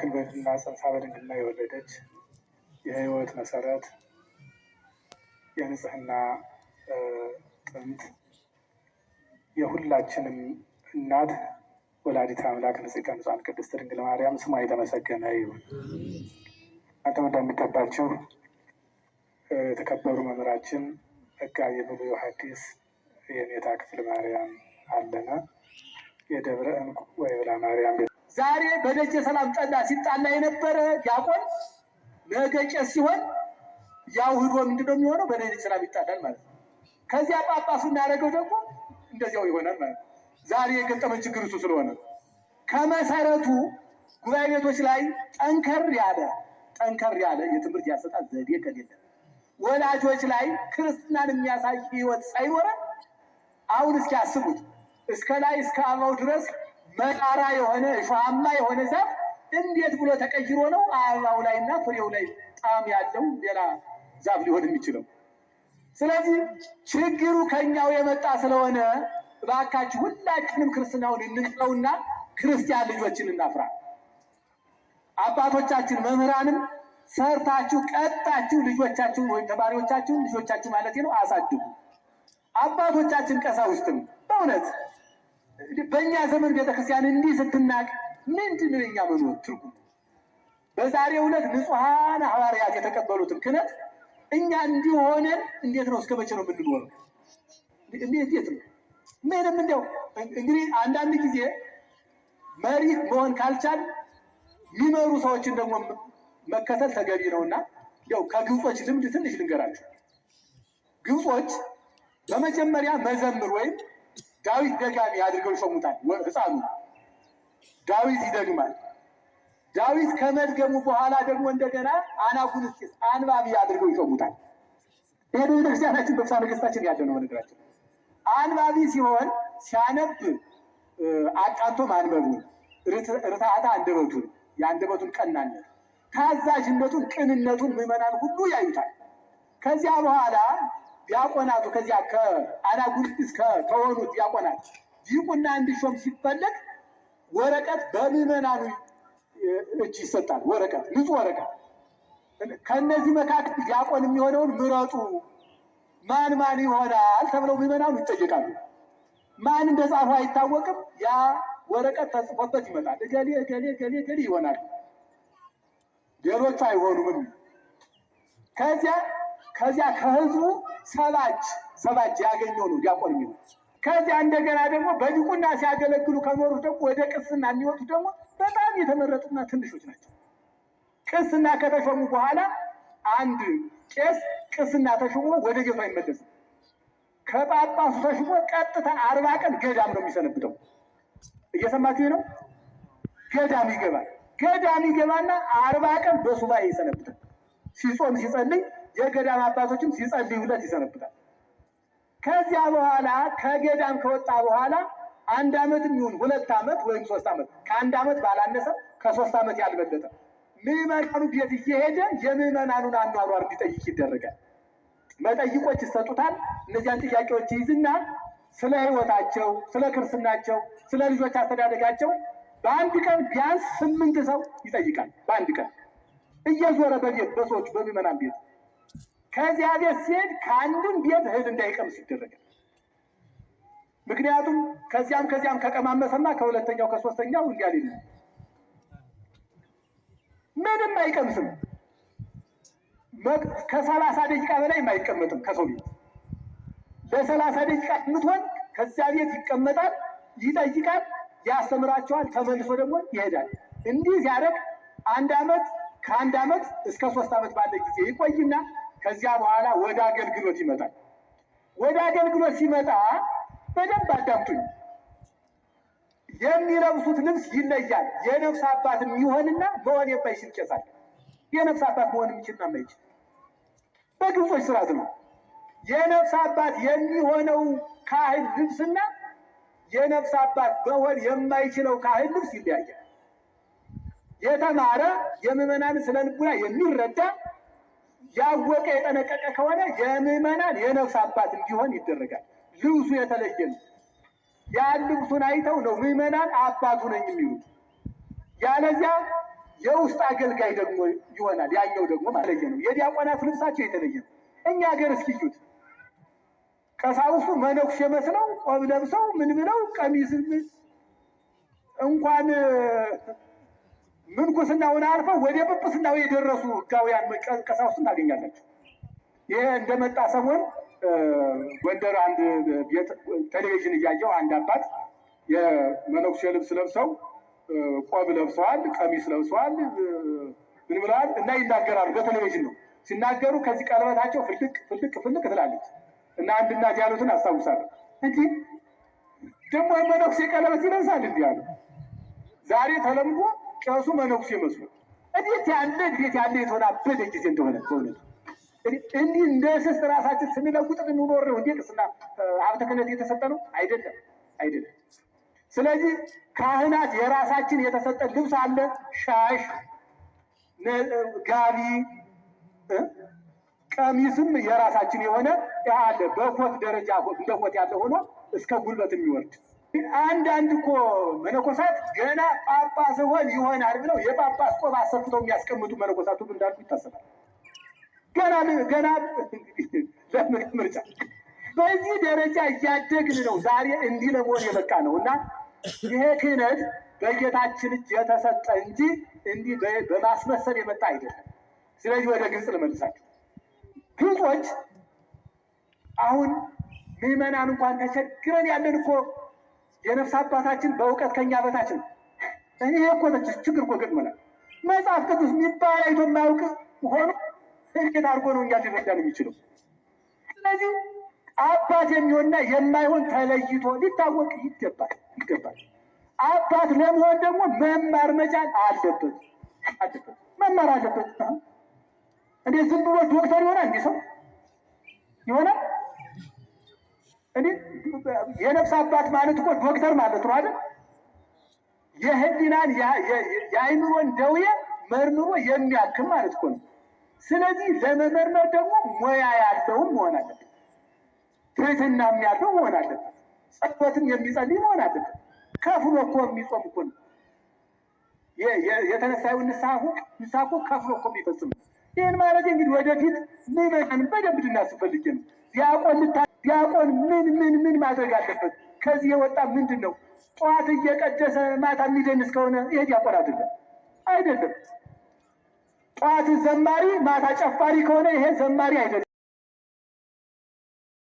ግልበትና ጽንሳ በድንግልና የወለደች የህይወት መሰረት የንጽህና ጥንት የሁላችንም እናት ወላዲት አምላክ ንጽሕተ ንጹሐን ቅድስት ድንግል ማርያም ስሟ የተመሰገነ ይሁን። እናንተም እንደሚገባችሁ የተከበሩ መምህራችን መጋቤ ብሉይ ሐዲስ የኔታ ክፍል ማርያም አለና የደብረ እንቁ ወይብላ ማርያም ዛሬ በደጀ ሰላም ጠላ ሲጣላ የነበረ ዲያቆን ነገ ቄስ ሲሆን ያው ህዶ ምንድነው የሚሆነው? በደጀ ሰላም ይጣላል ማለት ነው። ከዚያ ጳጳሱ እናደረገው ደግሞ እንደዚያው ይሆናል ማለት ነው። ዛሬ የገጠመን ችግር እሱ ስለሆነ ከመሰረቱ ጉባኤ ቤቶች ላይ ጠንከር ያለ ጠንከር ያለ የትምህርት ያሰጣል ዘዴ ከሌለ ወላጆች ላይ ክርስትናን የሚያሳይ ህይወት ሳይኖረ አሁን እስኪ አስቡት እስከ ላይ እስከ አበባው ድረስ መራራ የሆነ እሾሃማ የሆነ ዛፍ እንዴት ብሎ ተቀይሮ ነው አበባው ላይ እና ፍሬው ላይ ጣዕም ያለው ሌላ ዛፍ ሊሆን የሚችለው? ስለዚህ ችግሩ ከኛው የመጣ ስለሆነ እባካችሁ ሁላችንም ክርስትናውን እንቅረውና ክርስቲያን ልጆችን እናፍራ። አባቶቻችን መምህራንም ሰርታችሁ ቀጣችሁ ልጆቻችሁን ወይም ተማሪዎቻችሁን ልጆቻችሁ ማለት ነው አሳድጉ። አባቶቻችን ቀሳውስትም በእውነት በእኛ ዘመን ቤተክርስቲያን እንዲህ ስትናቅ ምንድን ነው የኛ መኖር ትርጉም? በዛሬው ዕለት ንጹሐን ሐዋርያት የተቀበሉትን ክነት እኛ እንዲሆነን እንዴት ነው እስከ መቼ ነው የምንኖር? እንዴት ነው ምንም እንደው እንግዲህ አንዳንድ ጊዜ መሪ መሆን ካልቻል የሚመሩ ሰዎችን ደግሞ መከተል ተገቢ ነውና ያው ከግብጾች ልምድ ትንሽ ልንገራቸው። ግብጾች በመጀመሪያ መዘምር ወይም ዳዊት ደጋሚ አድርገው ይሰሙታል። ሕፃኑ ዳዊት ይደግማል። ዳዊት ከመድገሙ በኋላ ደግሞ እንደገና አናጉንስጢስ አንባቢ አድርገው ይሰሙታል። ይሄ በቤተክርስቲያናችን በብሳ ነገስታችን ያለ ነው። በነገራችን አንባቢ ሲሆን ሲያነብ አቃንቶ ማንበቡን ርታታ አንደበቱን የአንደበቱን ቀናነት ታዛዥነቱን ቅንነቱን ምዕመናን ሁሉ ያዩታል። ከዚያ በኋላ ዲያቆናቱ ከዚያ ከአናጉልጢስ ከሆኑ ዲያቆናት ዲቁና እንዲሾም ሲፈለግ ወረቀት በምዕመናኑ እጅ ይሰጣል። ወረቀት ንጹህ ወረቀት። ከእነዚህ መካከል ዲያቆን የሚሆነውን ምረጡ፣ ማን ማን ይሆናል ተብለው ምዕመናኑ ይጠየቃሉ። ማን እንደ ጻፈው አይታወቅም። ያ ወረቀት ተጽፎበት ይመጣል። እገሌ እገሌ እገሌ እገሌ ይሆናል፣ ሌሎቹ አይሆኑም። ከዚያ ከዚያ ከህዝቡ ሰባጅ ሰባጅ ያገኘው ነው ዲያቆን የሚሆኑት። ከዚያ እንደገና ደግሞ በዲቁና ሲያገለግሉ ከኖሩት ደግሞ ወደ ቅስና የሚወጡት ደግሞ በጣም የተመረጡና ትንሾች ናቸው። ቅስና ከተሾሙ በኋላ አንድ ቄስ ቅስና ተሾሞ ወደ ጌቱ አይመለስም። ከጳጳሱ ተሾሞ ቀጥታ አርባ ቀን ገዳም ነው የሚሰነብተው። እየሰማችሁ ነው። ገዳም ይገባል። ገዳም ይገባና አርባ ቀን በሱባኤ ይሰነብታል። ሲጾም ሲጸልይ የገዳም አባቶችም ሲጸልዩለት ይሰነብታል። ከዚያ በኋላ ከገዳም ከወጣ በኋላ አንድ አመት የሚሆን ሁለት ዓመት ወይም ሶስት ዓመት ከአንድ ዓመት ባላነሰ ከሶስት ዓመት ያልበለጠ ምዕመናኑ ቤት እየሄደ የምዕመናኑን አኗኗር እንዲጠይቅ ይደረጋል። መጠይቆች ይሰጡታል። እነዚያን ጥያቄዎች ይይዝና ስለ ሕይወታቸው፣ ስለ ክርስትናቸው፣ ስለ ልጆች አስተዳደጋቸው በአንድ ቀን ቢያንስ ስምንት ሰው ይጠይቃል። በአንድ ቀን እየዞረ በቤት በሰዎች በምዕመናን ቤት ከዚያ ቤት ሲሄድ ከአንዱም ቤት እህል እንዳይቀምስ ይደረጋል። ምክንያቱም ከዚያም ከዚያም ከቀማመሰና ከሁለተኛው ከሶስተኛው እንዲያል ሊል ምንም አይቀምስም። ከሰላሳ ደቂቃ በላይ አይቀመጥም ከሰው ቤት ለሰላሳ ደቂቃ የምትሆን ከዚያ ቤት ይቀመጣል፣ ይጠይቃል፣ ያስተምራቸዋል፣ ተመልሶ ደግሞ ይሄዳል። እንዲህ ሲያደርግ አንድ ዓመት ከአንድ ዓመት እስከ ሶስት ዓመት ባለ ጊዜ ይቆይና ከዚያ በኋላ ወደ አገልግሎት ይመጣል። ወደ አገልግሎት ሲመጣ በደንብ አዳምጡኝ። የሚለብሱት ልብስ ይለያል። የነፍስ አባት የሚሆንና መሆን የማይችል ቄስ አለ። የነፍስ አባት መሆን የሚችልና የማይችል በግብጾች ስርዓት ነው። የነፍስ አባት የሚሆነው ካህን ልብስና የነፍስ አባት መሆን የማይችለው ካህን ልብስ ይለያያል። የተማረ የምዕመናን ስነ ልቡና የሚረዳ ያወቀ የጠነቀቀ ከሆነ የምዕመናን የነፍስ አባት እንዲሆን ይደረጋል። ልብሱ የተለየ ነው። ያ ልብሱን አይተው ነው ምዕመናን አባቱ ነኝ የሚሉት። ያለዚያ የውስጥ አገልጋይ ደግሞ ይሆናል። ያኛው ደግሞ ማለየ ነው። የዲያቆናት ልብሳቸው የተለየ ነው። እኛ ሀገር እስኪዩት ቀሳውሱ መነኩሴ መስለው ቆብ ለብሰው ምን ብለው ቀሚስ እንኳን ምንኩስናውን አልፈው ወደ ጵጵስናው የደረሱ ህጋውያን ቀሳውስት እናገኛለን። ይሄ እንደመጣ ሰሞን ጎንደር አንድ ቤት ቴሌቪዥን እያየው አንድ አባት የመነኩሴ ልብስ ለብሰው ቆብ ለብሰዋል፣ ቀሚስ ለብሰዋል፣ ምን ብለዋል እና ይናገራሉ። በቴሌቪዥን ነው ሲናገሩ፣ ከዚህ ቀለበታቸው ፍልቅ ፍልቅ ፍልቅ ትላለች እና አንድ እናት ያሉትን አስታውሳለሁ። እንዲህ ደግሞ መነኩሴ ቀለበት ይለብሳል እንዲ ያሉ ዛሬ ተለምዶ ቄሱ መነኩሴ መስሎ እንዴት ያለ እንዴት ያለ የተሆናበደ ጊዜ እንደሆነ በእውነቱ እንዲህ እንደ ስስ ራሳችን ስንለውጥ እንኖር ነው እንዴ? ቅስና ሀብተ ክህነት የተሰጠ ነው አይደለም፣ አይደለም። ስለዚህ ካህናት የራሳችን የተሰጠ ልብስ አለ፣ ሻሽ፣ ጋቢ፣ ቀሚስም የራሳችን የሆነ አለ። በኮት ደረጃ እንደ ኮት ያለ ሆኖ እስከ ጉልበት የሚወርድ አንዳንድ እኮ መነኮሳት ገና ጳጳስ ሆን ይሆናል ብለው የጳጳስ ቆብ አሰፍተው የሚያስቀምጡ መነኮሳት ሁሉ እንዳሉ ይታሰባል። ገና ገና ምርጫ በዚህ ደረጃ እያደግን ነው። ዛሬ እንዲህ ለመሆን የበቃ ነው እና ይሄ ክህነት በጌታችን እጅ የተሰጠ እንጂ እንዲህ በማስመሰል የመጣ አይደለም። ስለዚህ ወደ ግልጽ ልመልሳቸው። ግልጾች አሁን ምዕመናን እንኳን ተቸግረን ያለን እኮ የነፍስ አባታችን በእውቀት ከኛ በታች ነው። እኔ እኮ ችግር እኮ ገጥሞናል። መጽሐፍ ቅዱስ የሚባል አይቶ የማያውቅ ሆኖ እንዴት አድርጎ ነው እኛ ሊረዳን የሚችለው? ስለዚህ አባት የሚሆንና የማይሆን ተለይቶ ሊታወቅ ይገባል ይገባል። አባት ለመሆን ደግሞ መማር መቻል አለበት አለበት መማር አለበት። እንዴት ዝም ብሎ ዶክተር ይሆናል እንዲህ ሰው ይሆናል? እኔ የነፍስ አባት ማለት እኮ ዶክተር ማለት ነው አይደል? የህሊናን የአይምሮን ደዌ መርምሮ የሚያክም ማለት እኮ ነው። ስለዚህ ለመመርመር ደግሞ ሙያ ያለውም መሆን አለበት። ትህትናም ያለው መሆን አለበት። ጸሎትም የሚጸልይ መሆን አለበት። ከፍሎ እኮ የሚጾም እኮ ነው የተነሳዩ ንስሐ ንስሐ ከፍሎ እኮ የሚፈጽም ይህን ማለት እንግዲህ ወደፊት ምን ይመጣን በደንብ ልናስፈልግ ነው። ዲያቆን ዲያቆን ምን ምን ምን ማድረግ አለበት? ከዚህ የወጣ ምንድን ነው? ጠዋት እየቀደሰ ማታ የሚደንስ ከሆነ ይሄ ዲያቆን አይደለም አይደለም። ጠዋት ዘማሪ ማታ ጨፋሪ ከሆነ ይሄ ዘማሪ አይደለም።